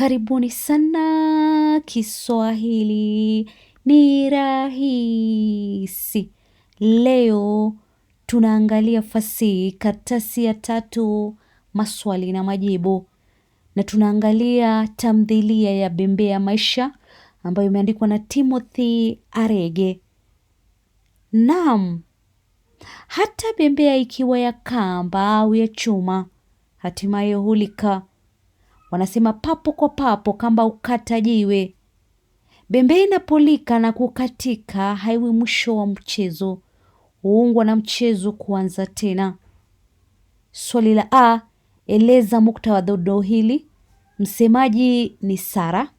Karibuni sana Kiswahili ni rahisi. Leo tunaangalia fasihi karatasi ya tatu, maswali na majibu, na tunaangalia tamthilia ya Bembea Maisha ambayo imeandikwa na Timothy Arege. Naam, hata bembea ikiwa ya kamba au ya chuma hatimaye hulika wanasema papo kwa papo kamba ukata jiwe. inapolika na kukatika haiwi mwisho wa mchezo, huungwa na mchezo kuanza tena. Swali la a, eleza wa dodo hili. Msemaji ni Sara,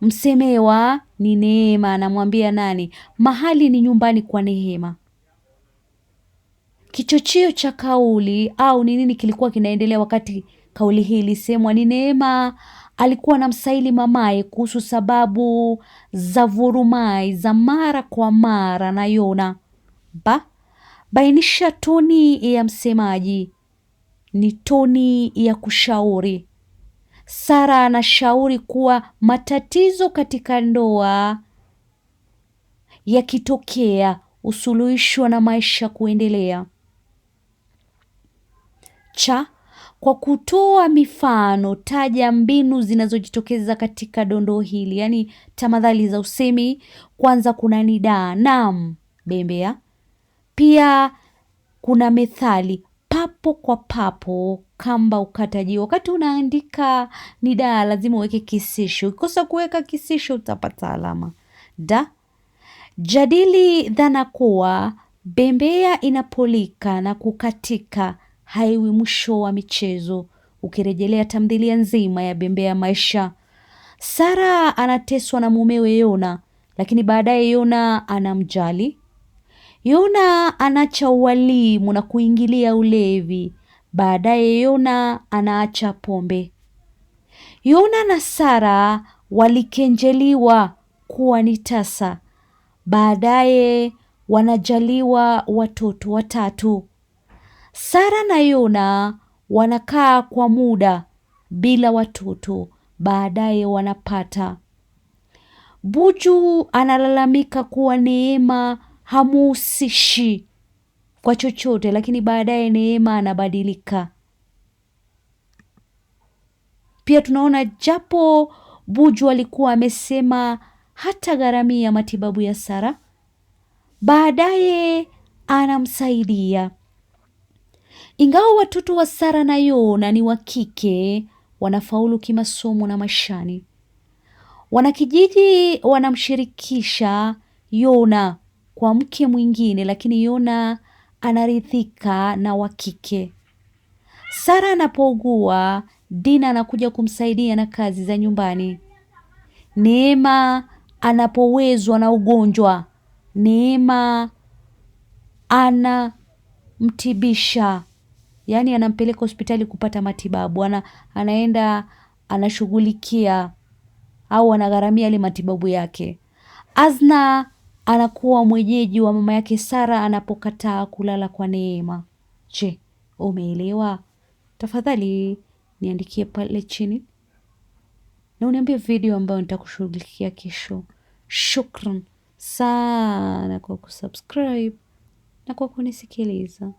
msemewa ni Neema, anamwambia nani? Mahali ni nyumbani kwa Neema. Kichocheo cha kauli au ni nini kilikuwa kinaendelea wakati Kauli hii ilisemwa ni Neema alikuwa na msaili mamaye kuhusu sababu za vurumai za mara kwa mara na Yona. Ba, bainisha toni ya msemaji ni toni ya kushauri. Sara anashauri kuwa matatizo katika ndoa yakitokea usuluhishwa na maisha kuendelea. Cha kwa kutoa mifano, taja mbinu zinazojitokeza katika dondoo hili, yaani tamadhali za usemi. Kwanza kuna nidaa, naam, bembea. Pia kuna methali, papo kwa papo kamba ukataji. Wakati unaandika nidaa, lazima uweke kisisho. Ukikosa kuweka kisisho, utapata alama. Da, jadili dhana kuwa bembea inapolika na kukatika haiwi mwisho wa michezo, ukirejelea tamthilia nzima ya Bembea ya Maisha. Sara anateswa na mumewe Yona, lakini baadaye Yona anamjali. Yona anaacha ualimu na kuingilia ulevi. Baadaye Yona anaacha pombe. Yona na Sara walikenjeliwa kuwa ni tasa. Baadaye wanajaliwa watoto watatu. Sara na Yona wanakaa kwa muda bila watoto, baadaye wanapata. Buju analalamika kuwa Neema hamuhusishi kwa chochote, lakini baadaye Neema anabadilika. Pia tunaona japo Buju alikuwa amesema hata gharamia matibabu ya Sara, baadaye anamsaidia. Ingawa watoto wa Sara na Yona ni wa kike, wanafaulu kimasomo na maishani. Wanakijiji wanamshirikisha Yona kwa mke mwingine, lakini Yona anaridhika na wa kike. Sara anapougua, Dina anakuja kumsaidia na kazi za nyumbani. Neema anapowezwa na ugonjwa, Neema anamtibisha yani anampeleka hospitali kupata matibabu, ana, anaenda anashughulikia au anagharamia yale matibabu yake. Azna anakuwa mwenyeji wa mama yake Sara anapokataa kulala kwa Neema. Je, umeelewa? Tafadhali niandikie pale chini na uniambie video ambayo nitakushughulikia kesho. Shukran sana kwa kusubscribe na kwa kunisikiliza.